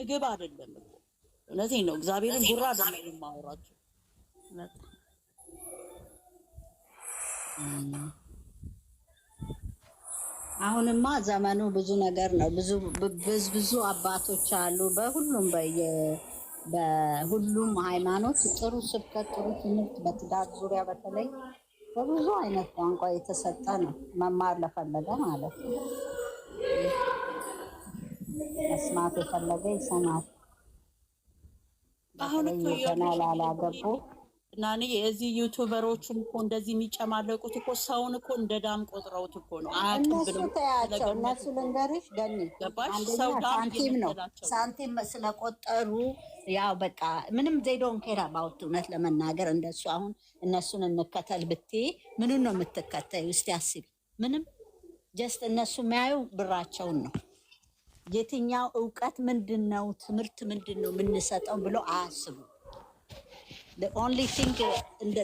ምግብ አይደለም። እውነቴን ነው። እግዚአብሔርን ጉራ አይደለም የማወራቸው። አሁንማ ዘመኑ ብዙ ነገር ነው። ብዙ ብዙ አባቶች አሉ በሁሉም በየ በሁሉም ሃይማኖት ጥሩ ስብከት፣ ጥሩ ትምህርት በትዳር ዙሪያ በተለይ በብዙ አይነት ቋንቋ የተሰጠ ነው መማር ለፈለገ ማለት ነው። መስማት የፈለገ ይሰማል። አሁን ገና ላላገቡ ናኒ የዚህ ዩቱበሮቹን እኮ እንደዚህ የሚጨማለቁት እኮ ሰውን እኮ እንደ ዳም ቆጥረውት እኮ ነው። እነሱ ተያቸው፣ እነሱ ልንገርሽ ገኒ ሰው ሳንቲም ነው ሳንቲም ስለቆጠሩ ያው በቃ ምንም ዜዶን ኬራ ባወት እውነት ለመናገር እንደሱ አሁን እነሱን እንከተል ብቴ ምኑን ነው የምትከተይ? ውስጥ ያስቢ ምንም ጀስት እነሱ የሚያዩ ብራቸውን ነው የትኛው እውቀት ምንድን ነው፣ ትምህርት ምንድን ነው የምንሰጠው ብሎ አያስቡ። ኦንሊ ቲንግ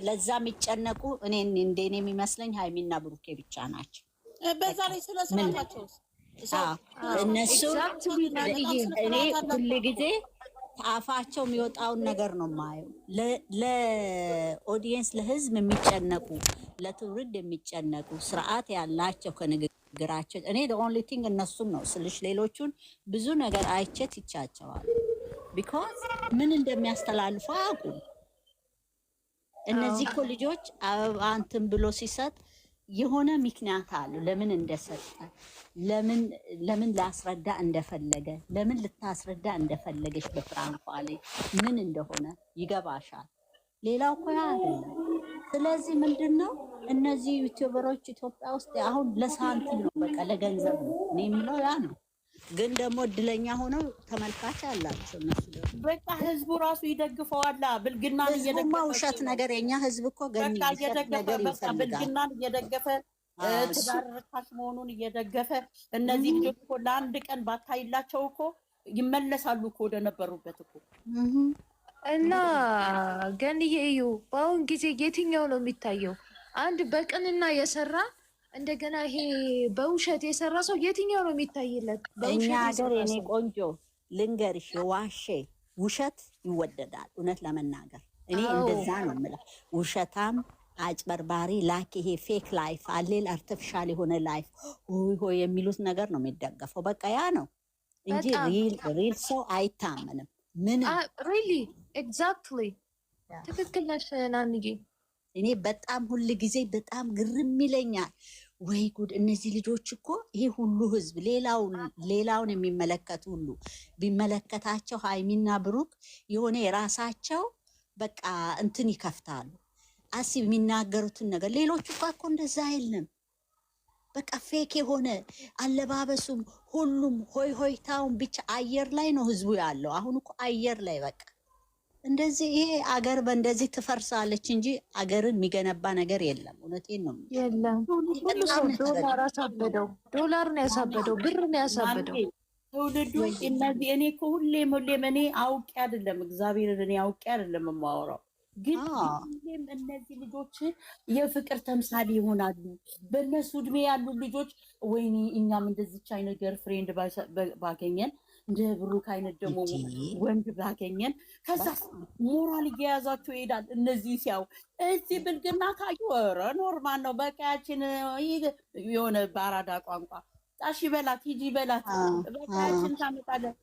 ለዛ የሚጨነቁ እኔ እንደኔ የሚመስለኝ ሀይሚና ብሩኬ ብቻ ናቸው። በዛ ላይ ስለ እነሱ እኔ ሁል ጊዜ አፋቸው የሚወጣውን ነገር ነው የማየው። ለኦዲየንስ ለህዝብ የሚጨነቁ ለትውልድ የሚጨነቁ ስርዓት ያላቸው ከንግግ ችግራችን እኔ ኦንሊ ቲንግ እነሱን ነው ስልሽ፣ ሌሎቹን ብዙ ነገር አይቼ ትቻቸዋል። ቢኮዝ ምን እንደሚያስተላልፉ አያውቁም። እነዚህ እኮ ልጆች አበባ እንትን ብሎ ሲሰጥ የሆነ ምክንያት አሉ። ለምን እንደሰጠ ለምን ለምን ላስረዳ እንደፈለገ ለምን ልታስረዳ እንደፈለገች ላይ ምን እንደሆነ ይገባሻል። ሌላው እኮ አይደለም ስለዚህ ምንድን ነው እነዚህ ዩቲዩበሮች ኢትዮጵያ ውስጥ አሁን ለሳንቲም ነው፣ በቃ ለገንዘብ ነው። እኔ የምለው ያ ነው። ግን ደግሞ እድለኛ ሆነው ተመልካች አላቸው። እነሱ በቃ ህዝቡ ራሱ ይደግፈዋላ። ብልግና እየደገፈ ውሸት ነገር የኛ ህዝብ እኮ ብልግናን እየደገፈ ትዳር ርካሽ መሆኑን እየደገፈ እነዚህ ልጆች እኮ ለአንድ ቀን ባታይላቸው እኮ ይመለሳሉ እኮ ወደ ነበሩበት እኮ እና ገንዬ እዩ፣ በአሁን ጊዜ የትኛው ነው የሚታየው? አንድ በቅንና የሰራ እንደገና ይሄ በውሸት የሰራ ሰው የትኛው ነው የሚታይለት? በእኛ ሀገር የኔ ቆንጆ ልንገርሽ፣ የዋሼ ውሸት ይወደዳል። እውነት ለመናገር እኔ እንደዛ ነው የምልህ። ውሸታም አጭበርባሪ ላኪ ይሄ ፌክ ላይፍ አሌል አርቲፊሻል የሆነ ላይፍ ሆ የሚሉት ነገር ነው የሚደገፈው። በቃ ያ ነው እንጂ ሪል ሰው አይታመንም። ምን ሪሊ ah, ኤግዛክትሊ ትክክል ነሽ እኔ በጣም ሁል ጊዜ በጣም ግርም ይለኛል። ወይ ጉድ! እነዚህ ልጆች እኮ ይህ ሁሉ ህዝብ ሌላውን ah. ሌላውን የሚመለከት ሁሉ ቢመለከታቸው ሀይሚና ብሩክ የሆነ የራሳቸው በቃ እንትን ይከፍታሉ። አስብ የሚናገሩትን ነገር ሌሎች እኳ እኮ እንደዛ የለም በቃ ፌክ የሆነ አለባበሱም ሁሉም ሆይ ሆይታውን ብቻ አየር ላይ ነው ህዝቡ ያለው። አሁን እኮ አየር ላይ በቃ እንደዚህ ይሄ አገር በእንደዚህ ትፈርሳለች እንጂ አገርን የሚገነባ ነገር የለም። እውነቴን ነው። የለም ዶላር አሳበደው፣ ዶላር ነው ያሳበደው፣ ብር ነው ያሳበደው። ትውልዱ እነዚህ እኔ ሁሌም ሁሌም እኔ አውቄ አይደለም እግዚአብሔርን እኔ አውቄ አይደለም የማወራው ግን ሁሌም እነዚህ ልጆች የፍቅር ተምሳሌ ይሆናሉ። በእነሱ እድሜ ያሉ ልጆች ወይኔ እኛም እንደዚች አይነት ገር ፍሬንድ ባገኘን እንደ ብሩክ አይነት ደግሞ ወንድ ባገኘን፣ ከዛ ሞራል እየያዛቸው ይሄዳል። እነዚህ ሲያው እዚህ ብልግና ካዩ ኖርማል ነው በቀያችን የሆነ በአራዳ ቋንቋ ጣሽ በላት ሂጂ በላት በታችን ታመጣለህ።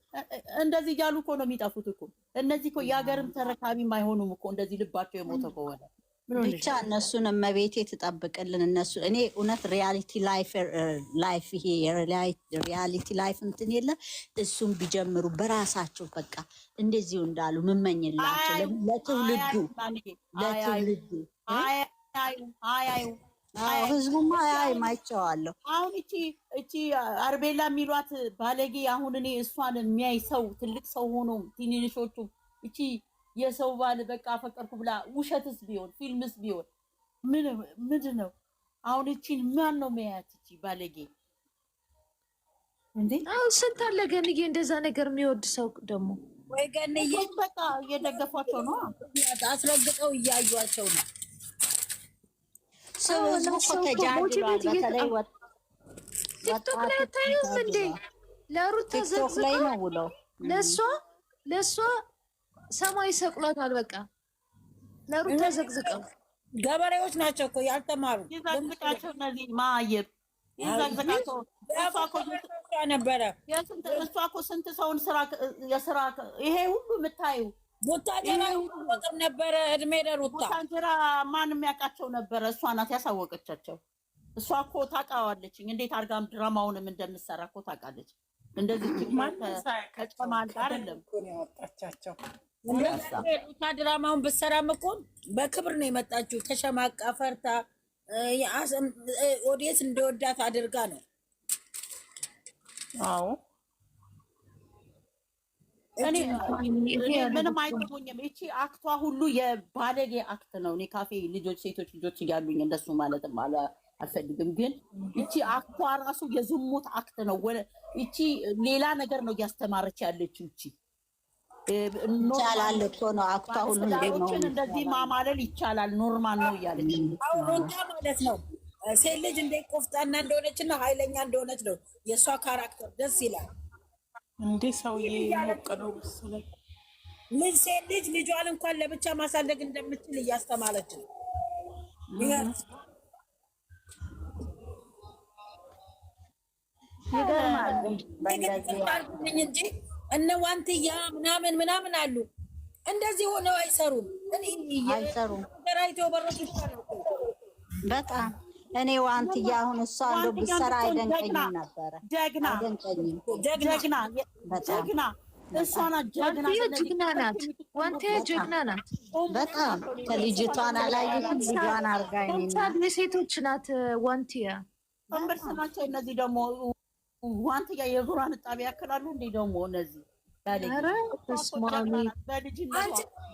እንደዚህ እያሉ እኮ ነው የሚጠፉት እኮ እነዚህ እኮ የሀገርም ተረካቢ አይሆኑም እኮ እንደዚህ ልባቸው የሞተ ከሆነ ብቻ እነሱን እመቤቴ ትጠብቅልን። እነሱ እኔ እውነት ሪያሊቲ ላይፍ ላይፍ ይሄ ሪያሊቲ ላይፍ እንትን የለ እሱን ቢጀምሩ በራሳቸው በቃ እንደዚሁ እንዳሉ ምመኝላቸው ለትውልዱ ለትውልዱ አይ አይ አይ ህዝቡማ አያይም አይቼዋለሁ። አሁን እቺ እቺ አርቤላ የሚሏት ባለጌ አሁን እኔ እሷን የሚያይ ሰው ትልቅ ሰው ሆኖ ትንንሾቹ እቺ የሰው ባል በቃ አፈቀርኩ ብላ ውሸትስ ቢሆን ፊልምስ ቢሆን ምን ምንድን ነው? አሁን እቺን ማን ነው የሚያያት? እቺ ባለጌ እንዴ! አሁን ስንት አለ ገንዬ፣ እንደዛ ነገር የሚወድ ሰው ደግሞ ወይ ገንዬ በቃ እየደገፏቸው ነው፣ አስረግጠው እያዩቸው ነው ሰው ተጃጅሏል። በተለይ ቲክቶክ ላይ አታዩም እንዴ? ለሩታ ላይ ለእሷ ለእሷ ሰማይ ሰቅሏታል። በቃ ለሩታ ዘቅዝቀው ገበሬዎች ናቸው እኮ ያልተማሩ የዘቅዝቃቸው እነዚህ ማየር የዘቅዝቃቸው ነበረ። እሷ እኮ ስንት ሰውን ስራ የስራ ይሄ ሁሉ የምታዩ ቡታጀራ ነበረ እድሜ ለሩታ ቡታጀራ ነበረ? እሷ ናት ያሳወቀቻቸው። እሷ እኮ ታውቃዋለችኝ፣ እንዴት አድርጋም ድራማውንም እንደምሰራ እኮ ታውቃለች። እንደዚህ ከጨማል አይደለም ያወጣቻቸው። ሩታ ድራማውን ብትሰራም እኮ በክብር ነው የመጣችው። ተሸማቃ ፈርታ፣ ኦዲየንስ እንደወዳት አድርጋ ነው። አዎ ምንም አይገቡኝም። ይቺ አክቷ ሁሉ የባለጌ አክት ነው። እኔ ካፌ ልጆች ሴቶች ልጆች እያሉኝ እንደሱ ማለትም አልፈልግም፣ ግን ይቺ አክቷ ራሱ የዝሙት አክት ነው። ይቺ ሌላ ነገር ነው እያስተማረች ያለችው። ይቺ ይቻላል እኮ ነው አክቷ ሁሉ እንደዚህ ማማለል ይቻላል፣ ኖርማል ነው እያለች ማለት ነው። ሴት ልጅ እንደ ቆፍጣና እንደሆነች እና ኃይለኛ እንደሆነች ነው የእሷ ካራክተር። ደስ ይላል። እንዴ ሰውዬ ያለቀደው መሰለኝ። ምን ሴት ልጅ ልጇን እንኳን ለብቻ ማሳደግ እንደምትችል እያስተማረች ነው። እንጂ እነ ዋንትያ ምናምን ምናምን አሉ እንደዚህ ሆነው አይሰሩም አይሰሩም። በረሱ በጣም እኔ ዋንትያ አሁን እሷ አንዱ ብሰራ አይደንቀኝም ነበረ። ጀግና ጀግና ጀግና እሷና ጀግና ጀግና ናት። ዋንትያ ጀግና ናት። በጣም ከልጅቷን አላየሁም። ልጇን አርጋኝ የሴቶች ናት ዋንትያ። እምብርት ናቸው እነዚህ ደግሞ ዋንትያ የብሯን እጣቢ ያክላሉ። እንዲህ ደግሞ እነዚህ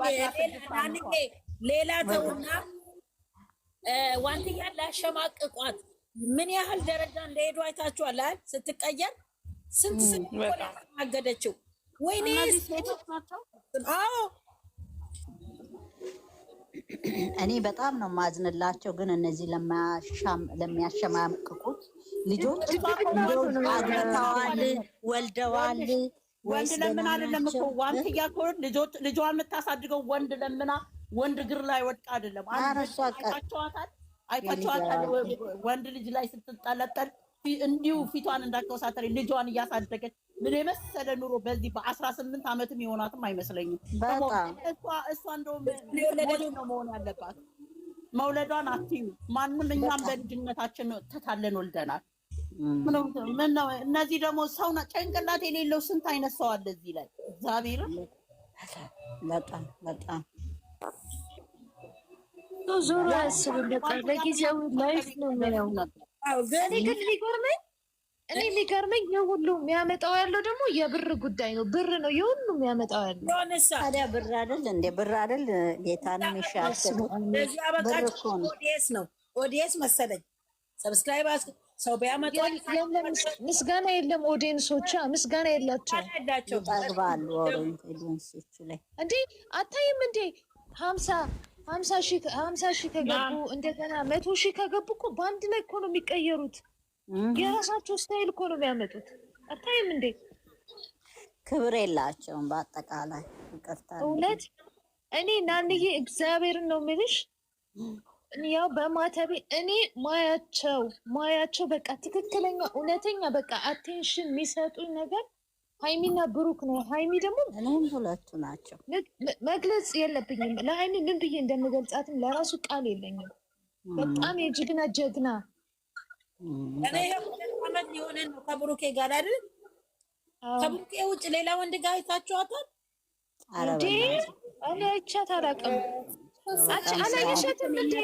በልጅነት ሌላ ተውና ዋንትያን ላሸማቅቋት ምን ያህል ደረጃ እንደሄዱ አይታችኋል። ስትቀየር ስንት ስንት ያስተናገደችው። ወይኔ አዎ እኔ በጣም ነው ማዝንላቸው። ግን እነዚህ ለሚያሸማቅቁት ልጆች አግብተዋል፣ ወልደዋል። ወንድ ለምና አይደለም እኮ ዋንትያ ልጇን የምታሳድገው ወንድ ለምና ወንድ እግር ላይ ወድቃ አይደለም። አይታችኋታል፣ አይታችኋታል ወንድ ልጅ ላይ ስትጠለጠል እንዲሁ ፊቷን እንዳከወሳተሪ ልጇን እያሳደገች ምን የመሰለ ኑሮ በዚህ በአስራ ስምንት ዓመትም የሆናትም አይመስለኝም። እሷ እንደውም ነው መሆን ያለባት። መውለዷን አትዩ። ማንም እኛም በልጅነታችን ተታለን ወልደናል። ምን ነው እነዚህ ደግሞ ሰው ጭንቅላት የሌለው ስንት አይነት ሰው አለ እዚህ ላይ እግዚአብሔርን በጣም በጣም ዞሮ አያስብም። በቃ ለጊዜው ላይፍ ነው የሚያው ነበር። እኔ ግን ሊገርመኝ እኔ ሊገርመኝ የሁሉ የሚያመጣው ያለው ደግሞ የብር ጉዳይ ነው። ብር ነው የሁሉ የሚያመጣው ያለው። ታዲያ ብር አይደል እንዴ? ብር አይደል ጌታንም ይሻስቡ ኦዲስ ነው ኦዲስ መሰለኝ። ሰብስክራይብ አስ ሰው ቢያመጣ ምስጋና የለም። ኦዲየንሶች ምስጋና የላቸው ይጠግባሉ። ኦዲየንሶቹ ላይ እንዴ አታይም እንዴ ሀምሳ ሀምሳ ሺህ ከገቡ እንደገና መቶ ሺህ ከገቡ እኮ በአንድ ላይ እኮ ነው የሚቀየሩት። የራሳቸው ስታይል እኮ ነው የሚያመጡት። አታይም እንዴ? ክብር የላቸውም በአጠቃላይ ይቅርታ። እውነት እኔ ናንዬ እግዚአብሔርን ነው የምልሽ። ያው በማተቤ እኔ ማያቸው ማያቸው በቃ ትክክለኛ እውነተኛ በቃ አቴንሽን የሚሰጡኝ ነገር ሀይሚና ብሩክ ነው። ሀይሚ ደግሞ ምንም ሁለቱ ናቸው። መግለጽ የለብኝም ለሀይሚ ምን ብዬ እንደምገልጻትም ለራሱ ቃል የለኝም። በጣም የጀግና ጀግና እኔ የሆነ ነው ከብሩኬ ጋር አይደል? ከብሩኬ ውጭ ሌላ ወንድ ጋር አይታችኋታል እንዴ? እኔ አይቻት አላውቅም።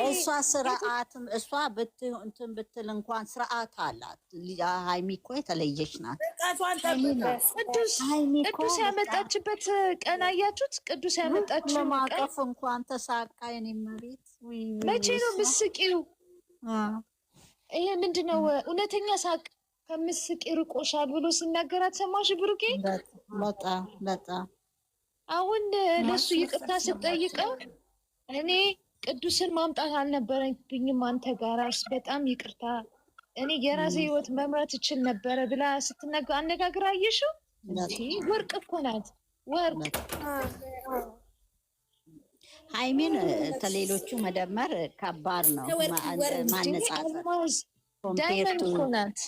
እሷ ስርዓትም እሷ እንትን ብትል እንኳን ስርዓት አላት። ሀይሚ እኮ የተለየች ናት። ቅዱስ ያመጣችበት ቀን አያችሁት? ቅዱስ ያመጣችው ለማቀፍ እንኳን ተሳካ። የኔ መቤት መቼ ነው ምስቂው? ይሄ ምንድነው? እውነተኛ ሳቅ ከምስቅ ርቆሻል ብሎ ሲናገራት ሰማሽ ብሩኬ? በጣም በጣም አሁን ለእሱ ይቅርታ ስጠይቀው እኔ ቅዱስን ማምጣት አልነበረብኝም አንተ ጋር በጣም ይቅርታ፣ እኔ የራሴ ህይወት መምረት እችል ነበረ ብላ ስትነገ አነጋግር አየሽው። ወርቅ እኮ ናት ወርቅ። ሀይሚን ከሌሎቹ መደመር ከባድ ነው ማነጻጽ። ዳይመንድ እኮ ናት።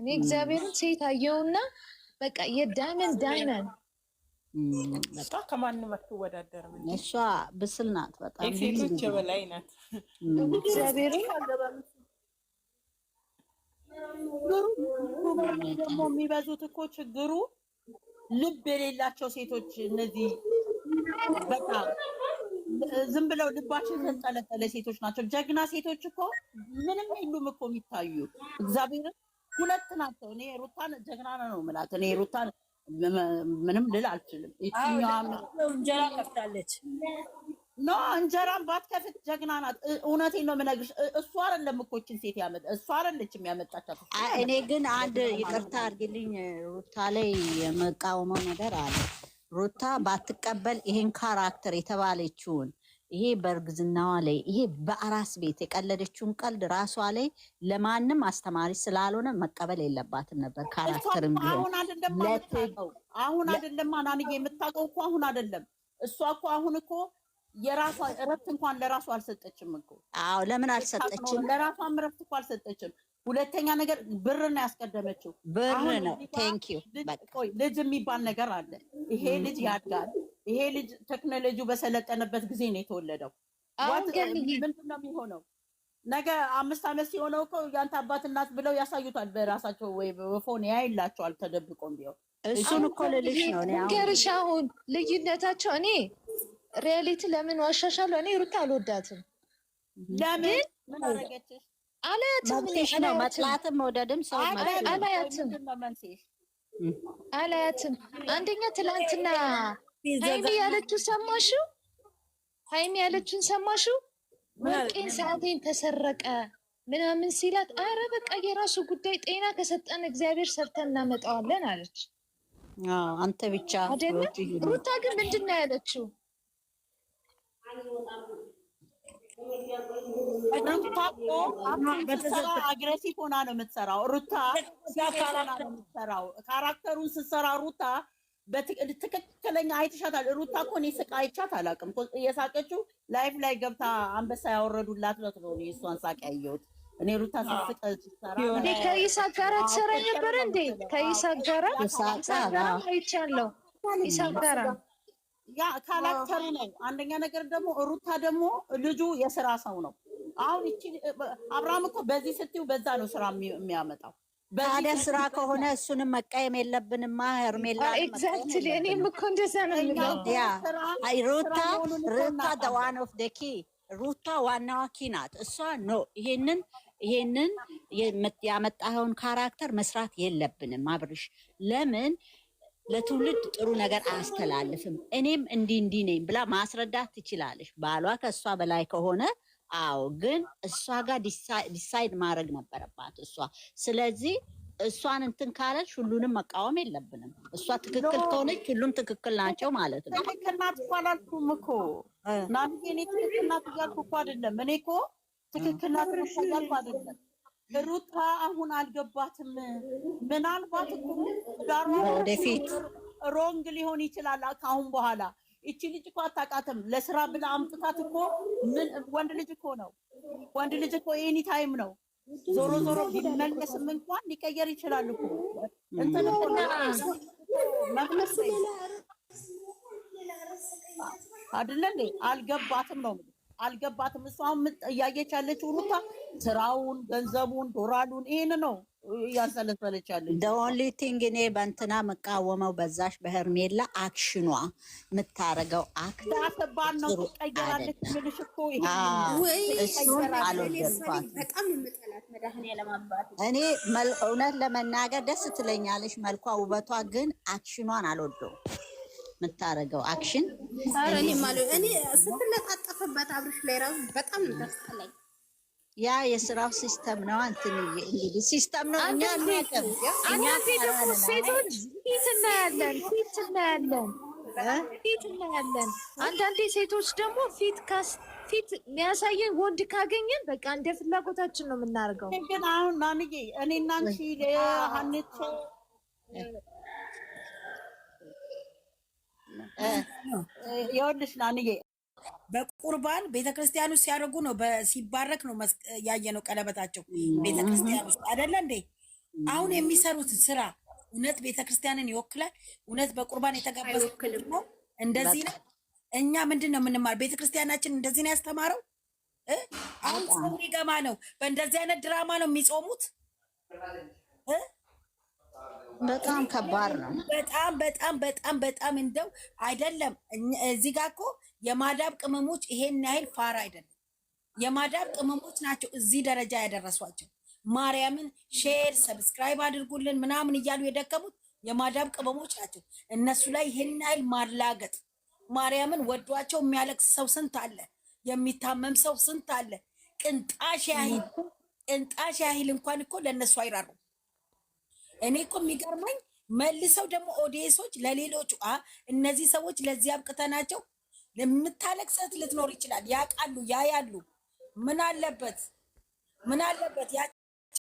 እኔ እግዚአብሔርን ሴት አየውና በቃ የዳይመንድ ዳይመንድ ከማንም አትወዳደርም። እሷ ብስል ናት፣ በጣም ሴቶች የበላይ ናት። ደግሞ የሚበዙት እኮ ችግሩ ልብ የሌላቸው ሴቶች እነዚህ በቃ ዝም ብለው ልባችን ተንጠለጠለ ሴቶች ናቸው። ጀግና ሴቶች እኮ ምንም የሉም እኮ የሚታዩ እግዚአብሔርን ሁለት ናቸው። እኔ ሩታን ጀግና ነው የምላት እኔ ሩታን ምንም ልል አልችልም። እንጀራ ከፍታለች። ኖ እንጀራን ባትከፍት ጀግና ናት። እውነቴን ነው የምነግርሽ። እሱ አይደለም እኮ ይህችን ሴት ያመጣ እሱ አይደለችም ያመጣቻት። እኔ ግን አንድ ይቅርታ አድርግልኝ፣ ሩታ ላይ የመቃወመው ነገር አለ። ሩታ ባትቀበል ይሄን ካራክተር የተባለችውን ይሄ በእርግዝናዋ ላይ ይሄ በአራስ ቤት የቀለደችውን ቀልድ ራሷ ላይ ለማንም አስተማሪ ስላልሆነ መቀበል የለባትም ነበር። ካራክተርም ቢሆን አሁን አይደለም አናንዬ የምታውቀው እኮ አሁን አይደለም። እሷ እኮ አሁን እኮ የራሷ እረፍት እንኳን ለራሷ አልሰጠችም እኮ። አዎ ለምን አልሰጠችም? ለራሷም እረፍት እኮ አልሰጠችም። ሁለተኛ ነገር ብር ነው ያስቀደመችው። ብር ነው ቴንክ ዩ። ልጅ የሚባል ነገር አለ። ይሄ ልጅ ያድጋል ይሄ ልጅ ቴክኖሎጂው በሰለጠነበት ጊዜ ነው የተወለደው። ምንድን ነው የሚሆነው? ነገ አምስት ዓመት ሲሆነው እኮ ያንተ አባት እናት ብለው ያሳዩታል በራሳቸው ወይ በፎን ያይላቸዋል ተደብቆም ቢሆን እሱን እኮ ልልሽ ነው ንገርሽ። አሁን ልዩነታቸው እኔ ሪያሊቲ ለምን ዋሻሻለሁ? እኔ ሩታ አልወዳትም። ለምን ምን አረገችሽ? አላያትም መጥላትም መውደድም ሰው አላያትም አላያትም። አንደኛ ትላንትና ሀይሚ ያለችው ሰማሽው? ሀይሚ ያለችውን ሰማሽው? ወርቄን ሰዓቴን ተሰረቀ ምናምን ሲላት፣ አረ በቃ የራሱ ጉዳይ፣ ጤና ከሰጠን እግዚአብሔር ሰርተን እናመጣዋለን አለች። አንተ ብቻ ሩታ ግን ምንድን ነው ያለችው? አግሬሲቭ ሆና ነው የምትሰራው ሩታ። ካራክተሩን ስትሰራ ሩታ ትክክለኛ አይተሻታል። ሩታ እኮ እኔ ስቃ አይቻት አላውቅም። የሳቀችው ላይፍ ላይ ገብታ አንበሳ ያወረዱላት ለት ነው የእሷን ሳቅ ያየሁት እኔ። ሩታ ስስቅ ከይሳቅ ጋራ ትሰራ ነበር እንዴ? ከይሳቅ ጋራ አይቻለሁ። ይሳቅ ጋራ ያ ካራክተሩ ነው። አንደኛ ነገር ደግሞ ሩታ ደግሞ ልጁ የስራ ሰው ነው። አሁን እቺ አብርሃም እኮ በዚህ ስትዩ በዛ ነው ስራ የሚያመጣው ታዲያ ስራ ከሆነ እሱንም መቀየም የለብንማ። ሄርሜላ ኤግዛክትሊ፣ እኔም እኮ እንደዛ ነው ሩታ ሩታ ዋን ኦፍ ደኪ ሩታ ዋናዋ ኪ ናት። እሷ ኖ ይሄንን ይሄንን ያመጣኸውን ካራክተር መስራት የለብንም አብርሽ፣ ለምን ለትውልድ ጥሩ ነገር አያስተላልፍም። እኔም እንዲህ እንዲህ ነኝ ብላ ማስረዳት ትችላለች። ባሏ ከእሷ በላይ ከሆነ አዎ ግን እሷ ጋር ዲሳይድ ማድረግ ነበረባት እሷ። ስለዚህ እሷን እንትን ካለች ሁሉንም መቃወም የለብንም። እሷ ትክክል ከሆነች ሁሉም ትክክል ናቸው ማለት ነው። ትክክል ናት እኮ አላልኩም እኮ ናንዬ። እኔ ትክክል ናት እያልኩ እኮ አይደለም። እኔ እኮ ትክክል ናት እያልኩ አይደለም። ሩታ አሁን አልገባትም። ምናልባት እኮ ዳሯ ወደፊት ሮንግ ሊሆን ይችላል ከአሁን በኋላ እቺ ልጅ እኮ አታውቃትም። ለስራ ብላ አምጥታት እኮ ምን ወንድ ልጅ እኮ ነው ወንድ ልጅ እኮ ኤኒ ታይም ነው። ዞሮ ዞሮ ቢመለስም እንኳን ሊቀየር ይችላል እኮ እንትን እኮ መቅመስ አይደለ እንዴ? አልገባትም ነው አልገባትም። እሷ እያየች ያለችው ሩታ ስራውን፣ ገንዘቡን፣ ዶራሉን ይህን ነው እያሰለሰለች ያለች። ቲንግ እኔ በእንትና መቃወመው በዛሽ በሄርሜላ አክሽኗ የምታረገው አክት ነው ትቀየራለች። ምልሽ እኮ እኔ እውነት ለመናገር ደስ ትለኛለች መልኳ፣ ውበቷ ግን አክሽኗን አልወደውም። የምታረገው አክሽን ስትለጣጠፍበት አብርሽ ላይ ራሱ በጣም ደስላይ ያ የስራው ሲስተም ነው። እንትን እንግዲህ ሲስተም ነው። እኛ ሴቶች ፊት እናያለን፣ ፊት እናያለን፣ ፊት እናያለን። አንዳንዴ ሴቶች ደግሞ ፊት ፊት የሚያሳየን ወንድ ካገኘን በቃ እንደ ፍላጎታችን ነው የምናደርገው። ግን አሁን ማምዬ እኔ እናንቺ ሀንቼ ይኸውልሽ ናንዬ በቁርባን ቤተክርስቲያን ውስጥ ሲያደርጉ ነው ሲባረክ ነው ያየ ነው ቀለበታቸው ቤተክርስቲያን ውስጥ አይደለ እንዴ? አሁን የሚሰሩት ስራ እውነት ቤተክርስቲያንን ይወክላል? እውነት በቁርባን የተጋበዙት እንደዚህ ነው? እኛ ምንድን ነው የምንማር? ቤተክርስቲያናችን እንደዚህ ነው ያስተማረው። አሁን ሰው ሊገማ ነው። በእንደዚህ አይነት ድራማ ነው የሚጾሙት። በጣም ከባድ ነው። በጣም በጣም በጣም በጣም እንደው አይደለም። እዚህ ጋር እኮ የማዳብ ቅመሞች ይሄን ያህል ፋራ አይደለም። የማዳብ ቅመሞች ናቸው እዚህ ደረጃ ያደረሷቸው። ማርያምን ሼር፣ ሰብስክራይብ አድርጉልን ምናምን እያሉ የደከሙት የማዳብ ቅመሞች ናቸው። እነሱ ላይ ይሄን ያህል ማላገጥ ማርያምን ወዷቸው የሚያለቅስ ሰው ስንት አለ? የሚታመም ሰው ስንት አለ? ቅንጣሽ ያህል ቅንጣሽ ያህል እንኳን እኮ ለእነሱ አይራሩም። እኔ እኮ የሚገርመኝ መልሰው ደግሞ ኦዲየንሶች ለሌሎቹ እነዚህ ሰዎች ለዚህ አብቅተናቸው የምታለቅሰት ልትኖር ይችላል። ያውቃሉ፣ ያያሉ። ምን አለበት ምን አለበት